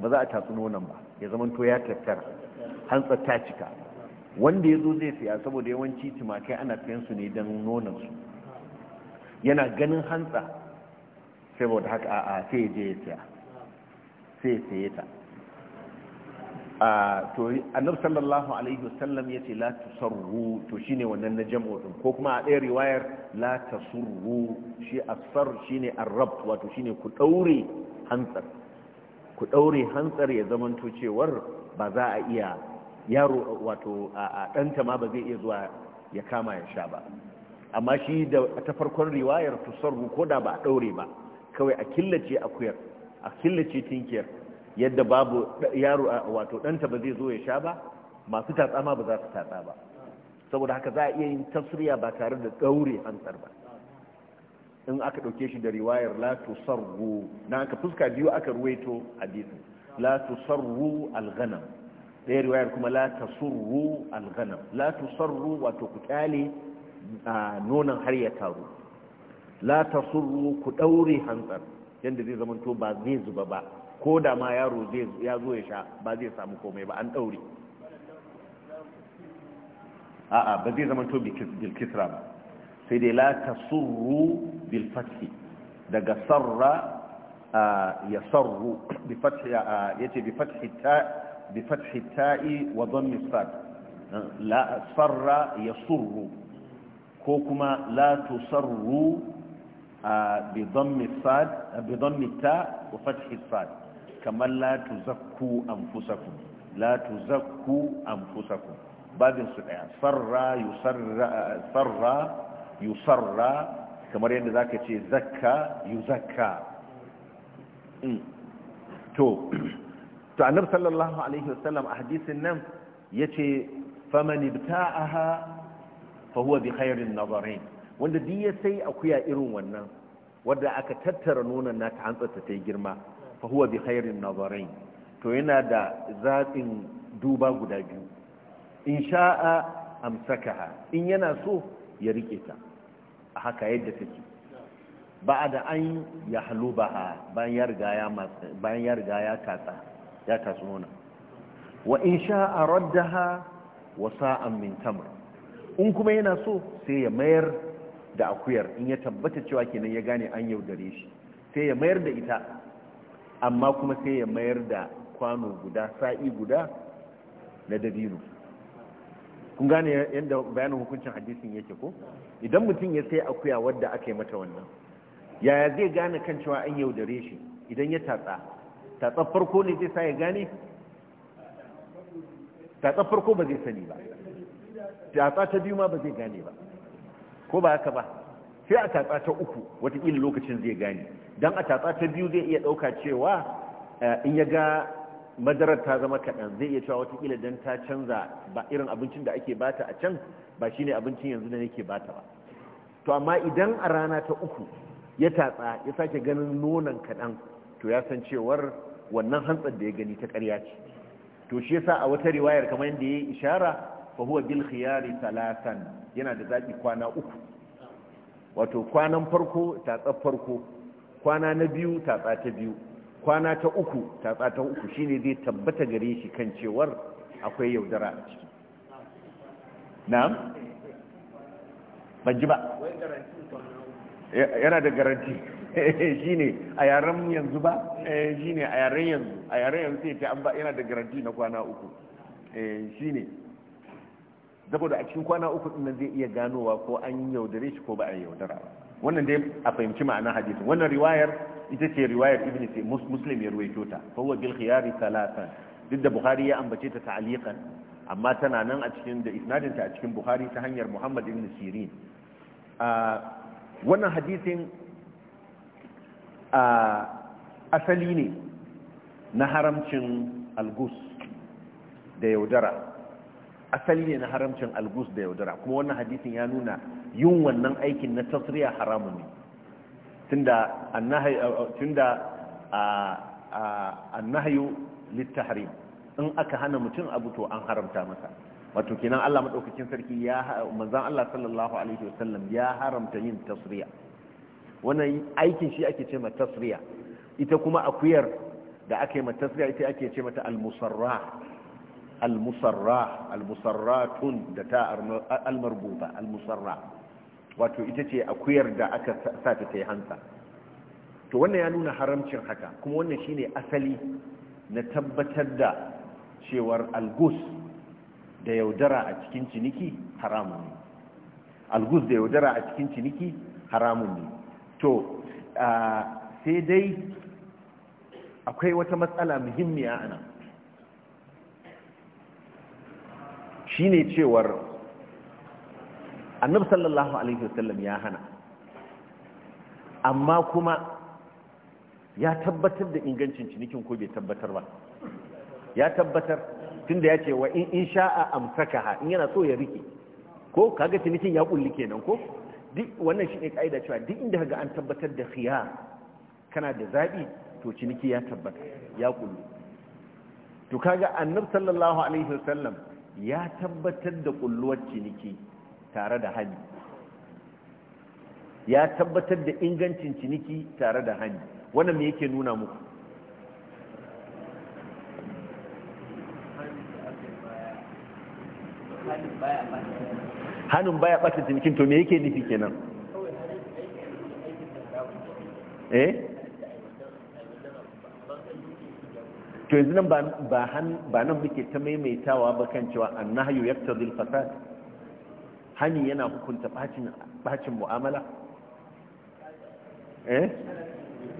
ba za a tatsi nonon ba ya zama to ya tattara hantsar ta cika wanda ya zo zai saya saboda yawanci tumakai ana sayan su ne don su yana ganin hantsa saboda haka a sai ya je ya saya sai ya saye ta to annabi sallallahu alaihi wasallam yace la tusarru to shine wannan na jam'u din ko kuma a ɗaya riwayar la tasurru shi asar shine arrab wato shine ku daure hantsar ku daure hantsar ya zamanto cewar ba za a iya yaro wato a ɗanta ma ba zai iya zuwa ya kama ya sha ba amma shi da ta farkon riwayar tusarru ko da ba a daure ba kawai a killace akuyar a killace tinkiyar yadda babu yaro wato ɗanta ba zai zo ya sha ba masu tatsa ma ba za su tatsa ba saboda haka za a iya yin tasriya ba tare da daure hantsar ba in aka ɗauke shi da riwayar la tusarru na aka fuska biyu aka ruwaito hadisin la tusarru alghanam ɗaya riwayar kuma la tasurru alghanam la tusarru wato ku kyale nonon har ya taru la tasurru ku ɗaure hantsar yadda zai zamanto ba zai zuba ba ko da ma yaro ya zo ya sha ba zai samu komai ba an ɗaure a'a ba zai zama to bilkisra ba sai dai la ta surru bilfatti daga sarra ya sarru ya ce bifatti ta'i wa zon misfad la sarra ya surru ko kuma la tusarru bi zon misfad bi zon mita wa fatti sad kamar la tuzakku anfusakum la tuzakku anfusakum babin su daya sarra yusarra sarra yusarra kamar yadda zaka ce zakka yuzakka mm. to to annabi sallallahu alaihi wasallam a hadisin nan yace faman ibta'aha fa huwa bi khairin nadarain wanda duk ya sai akuya irin wannan wanda aka tattara nonon ta hantsarta ta yi girma fa huwa bi khairin to yana da zaɓin duba guda biyu in sha'a amsakaha in yana so ya rike ta a haka yadda take ba da an ya halubaha bayan ya riga ya bayan ya riga ya tatsa ya tatsu nuna wa in sha'a raddaha wa sa'an min tamr in kuma yana so sai ya mayar da akuyar in ya tabbata cewa kenan ya gane an yaudare shi sai ya mayar da ita amma kuma sai ya mayar da kwano guda sa'i guda na dabino kun gane yadda bayanin hukuncin hadisin yake ko idan mutum ya sai akuya wadda aka yi mata wannan yaya zai gane kan cewa an yaudare shi idan ya tatsa tatsa farko ne zai sa ya gane tatsa farko ba zai sani ba tatsa ta biyu ma ba zai gane ba ko ba haka ba sai a tatsa ta uku watakila lokacin zai gane don a tatsa ta biyu zai iya ɗauka cewa eh, in ya ga madarar ta zama kaɗan zai iya cewa watakila don ta canza ba irin abincin da ake bata a can ba shi ne abincin yanzu da yake bata ba to amma idan a rana ta uku ya tatsa ya sake ganin nonon kaɗan to ya san cewar wannan hantsar da ya gani ta ƙarya ce to shi yasa a wata riwayar kamar yadda ya yi ishara fa huwa bil khiyari salatan yana da zaɓi kwana uku wato kwanan farko tatsar farko kwana na biyu tatsa ta biyu kwana ta uku tatsa ta uku shine zai tabbata gare shi kan cewar akwai yaudara a ciki na'am ban ji ba yana da garanti shine a yaren yanzu ba eh, shine a yaren yanzu a yaren yanzu sai ta an ba yana da garanti na kwana uku eh, shine saboda a cikin kwana uku din nan zai iya ganowa ko an yaudare shi ko ba a yaudara ba wannan dai a fahimci ma'anar hadisin wannan riwayar ita ce riwayar ibn muslim ya ruwaito ta fawwa bil khiyari talatan duk da bukhari ya ambace ta ta'aliqan amma tana nan a cikin da isnadin ta a cikin bukhari ta hanyar muhammad ibn sirin wannan hadisin asali ne na haramcin algus da yaudara asali ne na haramcin algus da yaudara kuma wannan hadisin ya nuna yin wannan aikin na tasriya haramun ne tunda annahayu tunda in aka hana mutum abu to an haramta masa wato kenan Allah madaukakin sarki ya manzon Allah sallallahu alaihi wasallam ya haramta yin tasriya wannan aikin shi ake ce tasriya ita kuma akuyar da ake mata tasriya ita ake ce mata al-musarrah Almusarra musarra al-musarratun da ta al-marbuta wato ita ce akuyar da aka sa ta yi hanta to wannan ya nuna haramcin haka kuma wannan shine asali na tabbatar da cewar algus da yaudara a cikin ciniki haramun ne algus da yaudara a cikin ciniki haramun ne to ah, sai dai akwai wata matsala muhimmiya a nan shine cewar annabi sallallahu alaihi wasallam ya hana amma kuma ya tabbatar da ingancin cinikin ko bai tabbatar ba ya tabbatar tunda ya ce wa in insha'a amsakaha in yana so ya rike ko kaga cinikin ya kulli kenan ko duk wannan shine kaida cewa duk inda kaga an tabbatar da khiyar kana da zabi to ciniki ya tabbata ya kulli to kaga annabi sallallahu alaihi wasallam ya tabbatar da kulluwar ciniki tare da hani ya tabbatar da ingancin ciniki tare da hani wannan me yake nuna muku hannun baya ɓata cinikin to me yake nufi kenan eh to yanzu nan ba nan muke ta maimaitawa ba kan cewa annahyu yaqtadil fasad hani yana hukunta bacin bacin mu'amala eh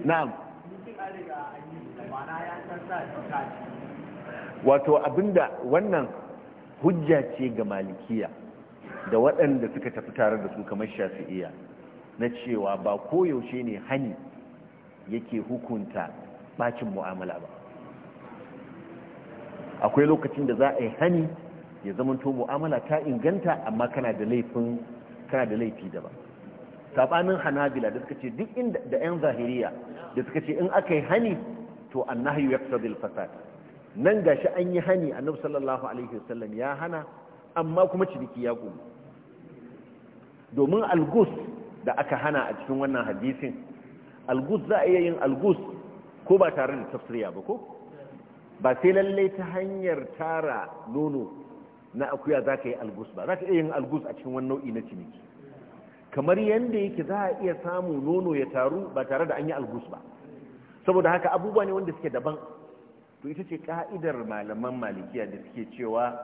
na'am wato abinda wannan hujja ce ga malikiya da waɗanda suka tafi tare da su kamar shafi'iya na cewa ba koyaushe ne hani yake hukunta bacin mu'amala ba akwai lokacin da za a yi hani ya zamanto mu'amala ta inganta amma kana da laifin kana da laifi daban sabanin hanabila da suka ce duk inda da yan zahiriya da suka ce in aka yi hani to ya yaqtadi al-fasad nan gashi an yi hani annabi sallallahu alaihi wasallam ya hana amma kuma ciniki ya gumi domin algus da aka hana a cikin wannan hadisin algus za a iya yin algus ko ba tare da tafsiriya ba ko ba sai lallai ta hanyar tara nono na akuya za ka yi algus ba za ka iya yin algus a cikin wani nau'i na ciniki kamar yadda yake za a iya samu nono ya taru ba tare da an yi algus ba saboda haka abubuwa ne wanda suke daban to ita ce ka'idar malaman malikiya da suke cewa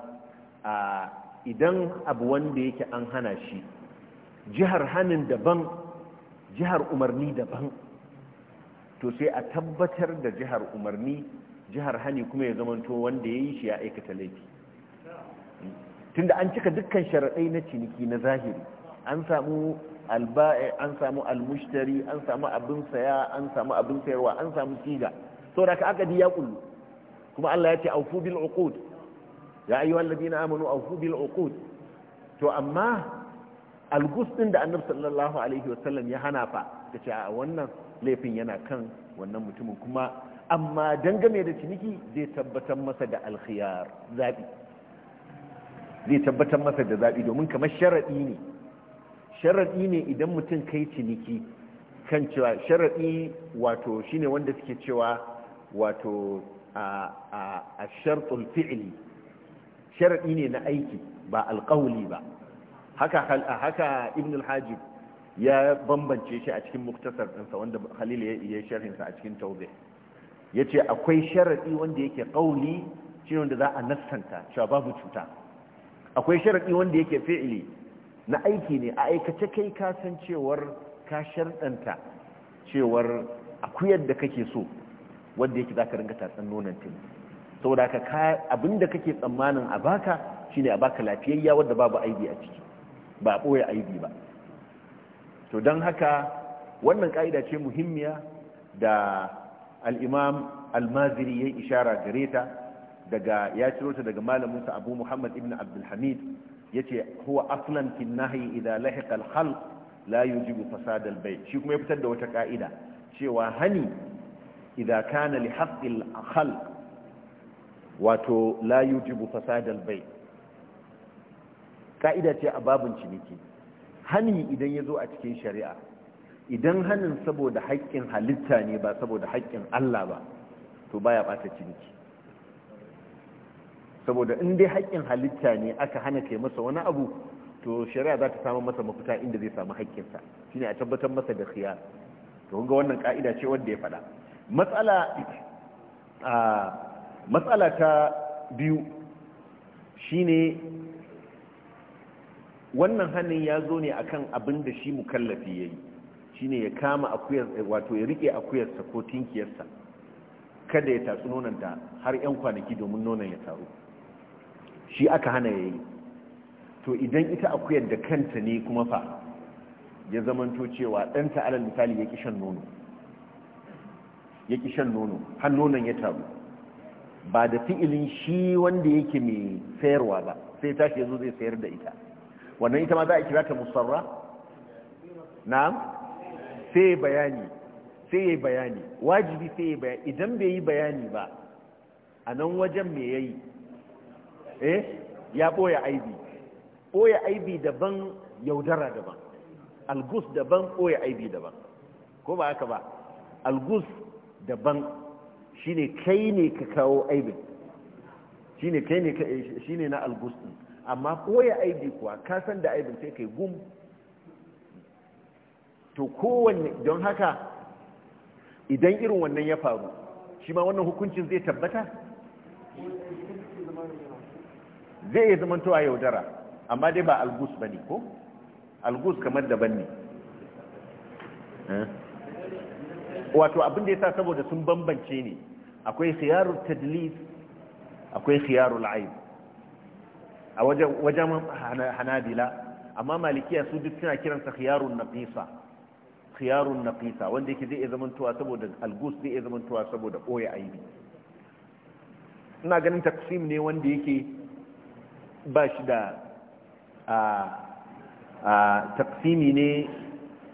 a idan abu wanda yake an hana shi jihar hannun daban jihar umarni daban to sai a tabbatar da jihar umarni jihar hani kuma ya zamanto wanda ya yi shi ya aikata laifi tunda an cika dukkan sharaɗai na ciniki na zahiri an samu alba'i an samu almushtari an samu abin saya an samu abin sayarwa an samu siga saboda ka akadi ya kullu kuma Allah ya ce aufu bil uqud ya ayyuhal ladina amanu aufu bil uqud to amma algus din da annabi sallallahu alaihi wasallam ya hana fa kace a wannan laifin yana kan wannan mutumin kuma amma dangane da ciniki zai tabbatar masa da alkhiyar zaɓi zai tabbatar masa da zaɓi domin kamar sharaɗi ne sharaɗi ne idan mutum kai ciniki kan cewa sharaɗi wato shine wanda suke cewa wato a sharɗul fi'ili sharaɗi ne na aiki ba alƙawuli ba haka ibn al ya bambance shi a cikin muktasar ɗansa wanda khalil ya yi sharhinsa a cikin taube ya ce akwai sharaɗi wanda yake ƙauli shi wanda za a nassanta cewa babu cuta akwai sharaɗi wanda yake fi'ili na aiki ne a aikace kai ka san cewar ka sharɗanta cewar akuyar da kake so wanda yake za ka ringa tatsan nonon tuni saboda ka abin da kake tsammanin a baka shine a baka lafiyayya wadda babu aibi a ciki ba a ɓoye aibi ba to don haka wannan ƙa'ida ce muhimmiya da al almaziri al-maziri yayi ishara gare ta daga ya ciro ta daga malamin sa Abu Muhammad ibn Abdul Hamid yace huwa aslan fi nahyi idha lahiqa al-khalq la fasad al shi kuma ya fitar da wata ka'ida cewa hani idan kana li haqqi al wato la yujibu fasad al ka'ida ce a babin ciniki hani idan ya zo a cikin shari'a idan hannun saboda haƙƙin halitta ne ba saboda haƙƙin Allah ba to baya bata ciniki saboda in dai haƙƙin halitta ne aka hana kai masa wani abu to shari'a za ta samu masa mafita inda zai samu haƙƙinsa shine a tabbatar masa da siya to kun ga wannan ka'ida ce wanda ya faɗa matsala ta biyu shi ne wannan hannun ya zo ne akan abin da shi mukallafi yi. shine ya kama akuyar wato ya rike akuyarsa ko tinkiyarsa kada ya tatsu nonanta har 'yan kwanaki domin nonon ya taru shi aka hana ya yi to idan ita akuyar da kanta ne kuma fa ya zamanto cewa ɗanta alal misali ya kishan nono ya kishan nono har nonan ya taru ba da fi'ilin shi wanda yake mai sayarwa ba sai tashi ya zo zai sayar da ita wannan ita ma za a kira ta musarra na'am sai bayani sai ya bayani wajibi sai ya bayani idan bai yi bayani ba a nan wajen me ya yi eh ya ɓoye aibi ɓoye aibi daban yaudara daban algus daban ɓoye aibi daban ko ba haka ba algus daban shine kai ne ka kawo aibin shine kai ne na algus amma ɓoye aibi kuwa ka san da aibin sai kai gum to kowanne don haka idan irin wannan ya faru shi ma wannan hukuncin zai tabbata zai iya zamanto a yaudara amma dai ba algus ba ne ko algus kamar daban ne eh? wato abin da ya sa saboda sun bambance ne akwai khiyarul tadlis akwai khiyarul aib a wajen hanabila amma malikiya su duk suna kiransa khiyarul naqisa khiyarun naqisa wanda yake zai iya zamantowa saboda algus zai iya zamantowa saboda boye aibi ina ganin taksim ne wanda yake ba shi da a a taksimi ne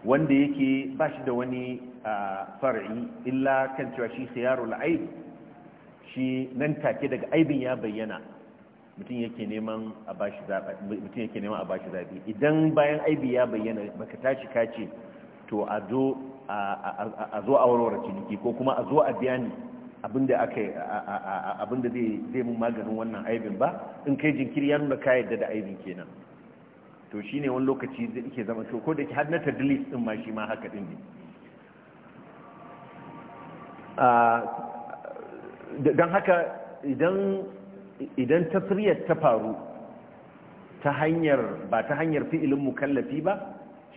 wanda yake ba shi da wani far'i illa kan cewa shi khiyarul aib shi nan take daga aibin ya bayyana mutum yake neman a bashi zaɓi idan bayan aibi ya bayyana baka tashi kace to a zo a zo a warware ciniki ko kuma a zo a biya ni abinda zai mun maganin wannan aibin ba in kai jinkiri ya nuna ka yadda da aibin kenan to shi ne wani lokaci zai ike zama to ko da ke har na tadlis din ma shi ma haka din ne don haka idan tasiriyar ta faru ta hanyar ba ta hanyar fi'ilin mukallafi ba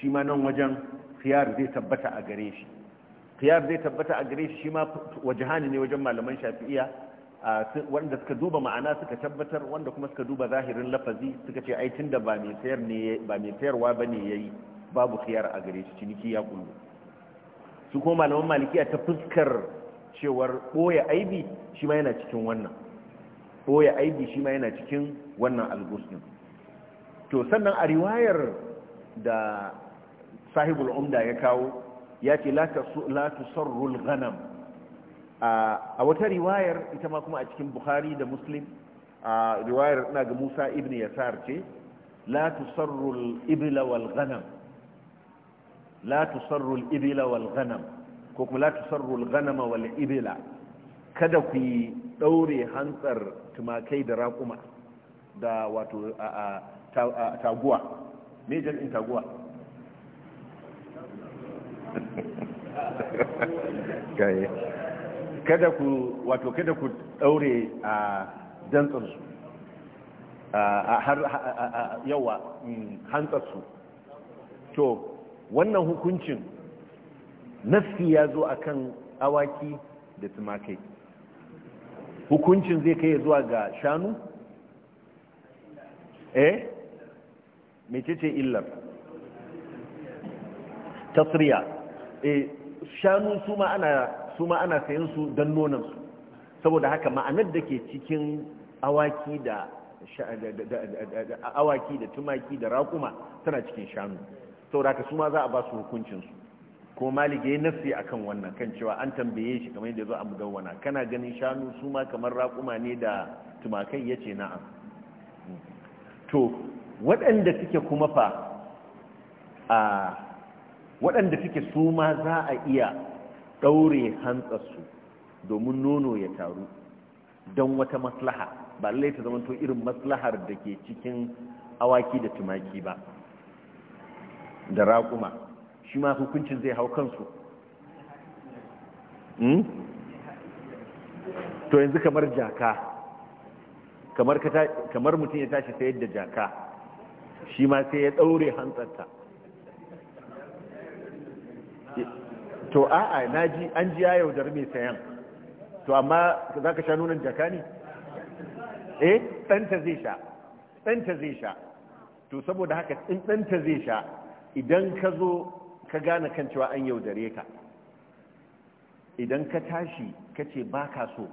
shi ma nan wajen khiyar zai tabbata a gare shi khiyar zai tabbata a gare shi shi ma wajahani ne wajen malaman shafi'iya wanda suka duba ma'ana suka tabbatar wanda kuma suka duba zahirin lafazi suka ce ai da ba mai sayar ne ba mai sayarwa bane yayi babu khiyar a gare shi ciniki ya kullu su kuma malaman malikiya ta fuskar cewar boye aibi shi ma yana cikin wannan boye aibi shi ma yana cikin wannan algusnin to sannan a riwayar da sahibul umda ya kawo ya ce la tusarrul ghanam a wata riwayar ita ma kuma a cikin bukhari da muslim a riwayar na ga musa ibn yasar ce la tusarrul ibla wal ghanam la wal ghanam ko kuma la tusarrul ghanama wal kada ku yi daure hantsar tumakai da raƙuma da wato taguwa me in taguwa kiyaye kada ku wato kada ku daure a dantsar su a har yawa mm, hantsar su to wannan hukuncin nafsi ya zo a kan awaki da tumakai hukuncin zai kai zuwa ga shanu eh mecece illar tasriya eh shanu su ma ana su sayan su don nonan su saboda haka ma'anar da ke cikin awaki da tumaki da raƙuma tana cikin shanu saboda haka su ma za a ba su hukuncin su ko malige yayi nafsi akan wannan kan cewa an tambaye shi kamar yadda zo a mudawwana kana ganin shanu su ma kamar raƙuma ne da tumakai yace na'am to waɗanda suke kuma fa a waɗanda suke su ma za a iya ɗaure hantsarsu domin nono ya taru don wata maslaha ba lai ta zamanto irin maslahar da ke cikin awaki da tumaki ba da raƙuma shi ma hukuncin zai hau kansu hmm? to yanzu kamar jaka kamar mutum ya tashi sayar da jaka shi ma sai ya ɗaure hantsarta to a'a ji an ji ya yaudar mai sayan to amma za ka sha nunan jaka ne eh ɗanta zai sha ɗanta zai sha to saboda haka in ɗanta zai sha idan ka zo ka gane kan cewa an yaudare ka idan ka tashi ka ce ba ka so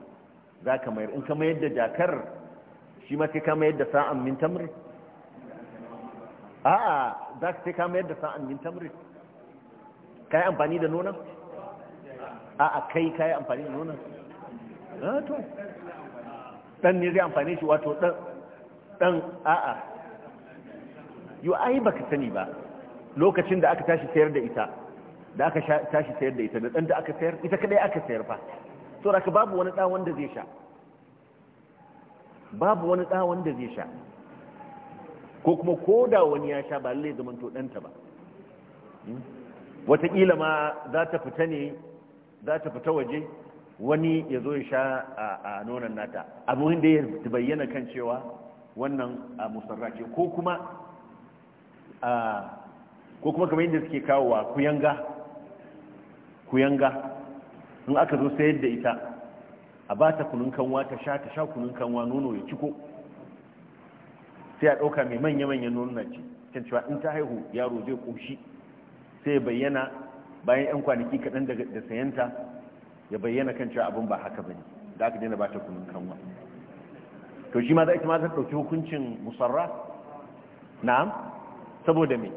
za ka mayar in ka mayar da jakar shi ma sai ka mayar da sa'an min tamri a'a za ka sai ka mayar da sa'an min tamri ka yi amfani da nuna? a a kai ka yi amfani da nuna? a ah, to ne zai amfani shi wato dan. a a yi ai ba ka sani ba lokacin da aka tashi sayar da ita da aka tashi sayar da ita da dan da aka sayar ita kadai aka sayar fa so da ka babu wani da wanda zai sha babu wani da wanda zai sha ko kuma ko da wani ya sha ba lallai zamanto danta ba hmm? watakila ma za ta fita ne za ta fita waje wani ya zo ya sha a nonon nata abin da ya bayyana kan cewa wannan musarra ce ko kuma ko kuma kamar yadda suke kawowa kuyanga kuyanga in aka zo sayar da ita a ba ta kunun kanwa ta sha ta sha kunun kanwa nono ya ciko sai a ɗauka mai manya-manyan nonon ce cewa in ta haihu yaro zai ƙoshi sai bayyana bayan 'yan kwanaki kaɗan da sayanta ya bayyana kan cewa abin ba haka ba da aka daina ba ta kunun kanwa to shi ma za ita ma ta ɗauki hukuncin musarra na saboda me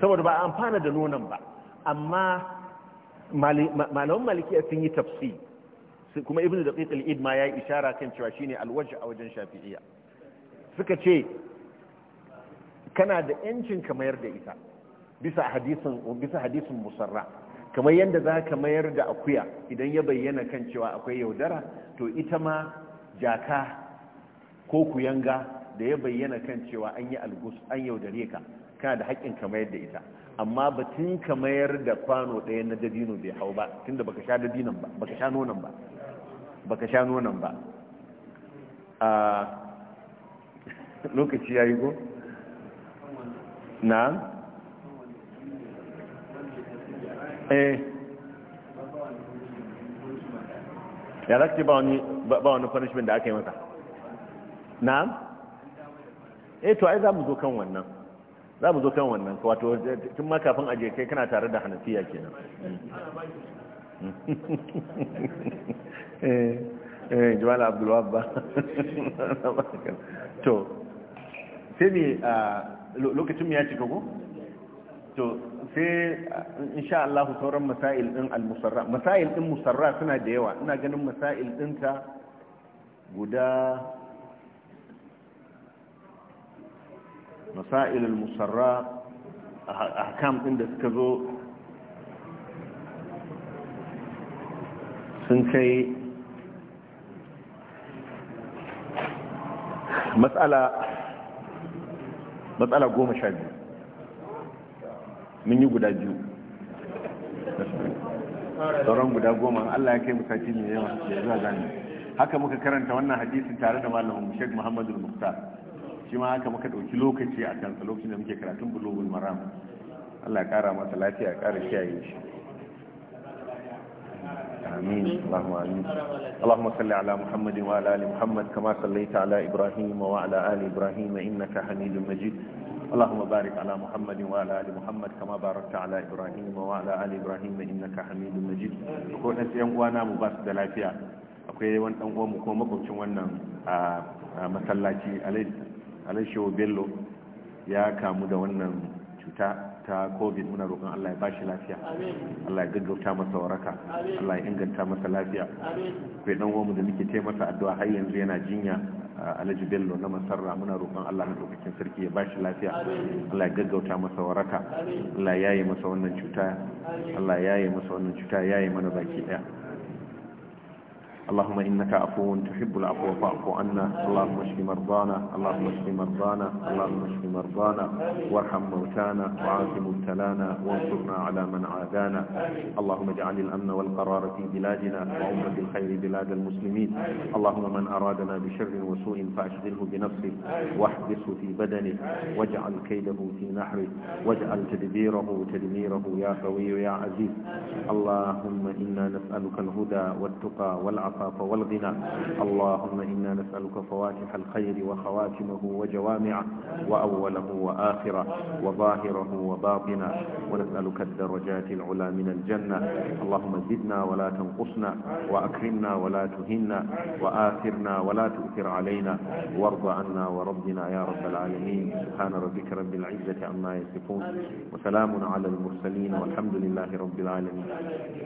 saboda ba a amfana da nonon ba amma malamin a sun yi tafsi kuma ibn da ƙiƙil idma ya yi ishara kan cewa shine alwaji a wajen shafi'iya suka ce kana da yancin ka mayar da ita bisa hadisin bisa hadisin musarra kamar yadda za ka mayar da akuya idan ya bayyana kan cewa akwai yaudara to ita ma jaka ko kuyanga da ya bayyana kan cewa an yi algus an yaudare ka kana da haƙƙin ka mayar da ita amma batun ka mayar da kwano ɗaya na dabino bai hau ba tunda baka sha dabinon ba baka sha nonon ba baka sha nonon ba a ah, lokaci yayi ko na'am eh ya za ce ba wani punishment da aka yi masa na'am eh to ai za mu zo kan wannan za mu zo kan wannan wato tun ma kafin aje kai kana tare da hanafiya kenan eh eh jama'a abdulwahab ba to sai ne lokacin ya cika ko to sai insha Allah sauran masail din al-musarra masail din musarra suna da yawa ina ganin masail dinta guda masail al-musarra ah, ahkam din da suka zo sun kai masala matsala goma sha biyu mun yi guda biyu sauran guda goma Allah ya kai mu sati mai yawa da zuwa zani haka muka karanta wannan hadisin tare da malamin Sheikh Muhammad al-Muqtar shi ma haka muka ɗauki lokaci a kan lokacin da muke karatun bulugul maram Allah ya kara masa lafiya ya kara kiyaye shi آمين اللهم آمين اللهم صل على محمد وعلى آل محمد كما صليت على إبراهيم وعلى آل إبراهيم إنك حميد مجيد اللهم بارك على محمد وعلى ال محمد كما باركت على ابراهيم وعلى ال ابراهيم انك حميد مجيد ko dan yan uwana mu ba su da lafiya akwai wani dan uwan mu ko makwabcin wannan masallaci alai alai bello ya kamu da wannan cuta ta covid muna roƙon Allah ya bashi lafiya Allah ya gaggauta masa waraka Allah ya inganta masa lafiya kai dan uwanmu da muke taimaka addu'a har yanzu yana jinya Alhaji Bello na Masarra muna roƙon Allah na dokokin sarki ya bashi lafiya Allah ya gaggauta masa waraka Allah ya yi masa wannan cuta Allah ya yi masa wannan cuta ya yi mana baki daya اللهم إنك عفو تحب العفو فاعف عنا اللهم اشف مرضانا اللهم اشف مرضانا اللهم اشف مرضانا وارحم موتانا وعاف مبتلانا وانصرنا على من عادانا اللهم اجعل الأمن والقرار في بلادنا وامة الخير بلاد المسلمين اللهم من أرادنا بشر وسوء فأشغله بنفسه واحبسه في بدنه واجعل كيده في نحره واجعل تدبيره تدميره يا قوي يا عزيز اللهم إنا نسألك الهدى والتقى والعفو والعفاف والغنى اللهم إنا نسألك فواتح الخير وخواتمه وجوامعه وأوله وآخره وظاهره وباطنه ونسألك الدرجات العلى من الجنة اللهم زدنا ولا تنقصنا وأكرمنا ولا تهنا وآثرنا ولا تؤثر علينا وارض عنا وربنا يا رب العالمين سبحان ربك رب العزة عما يصفون وسلام على المرسلين والحمد لله رب العالمين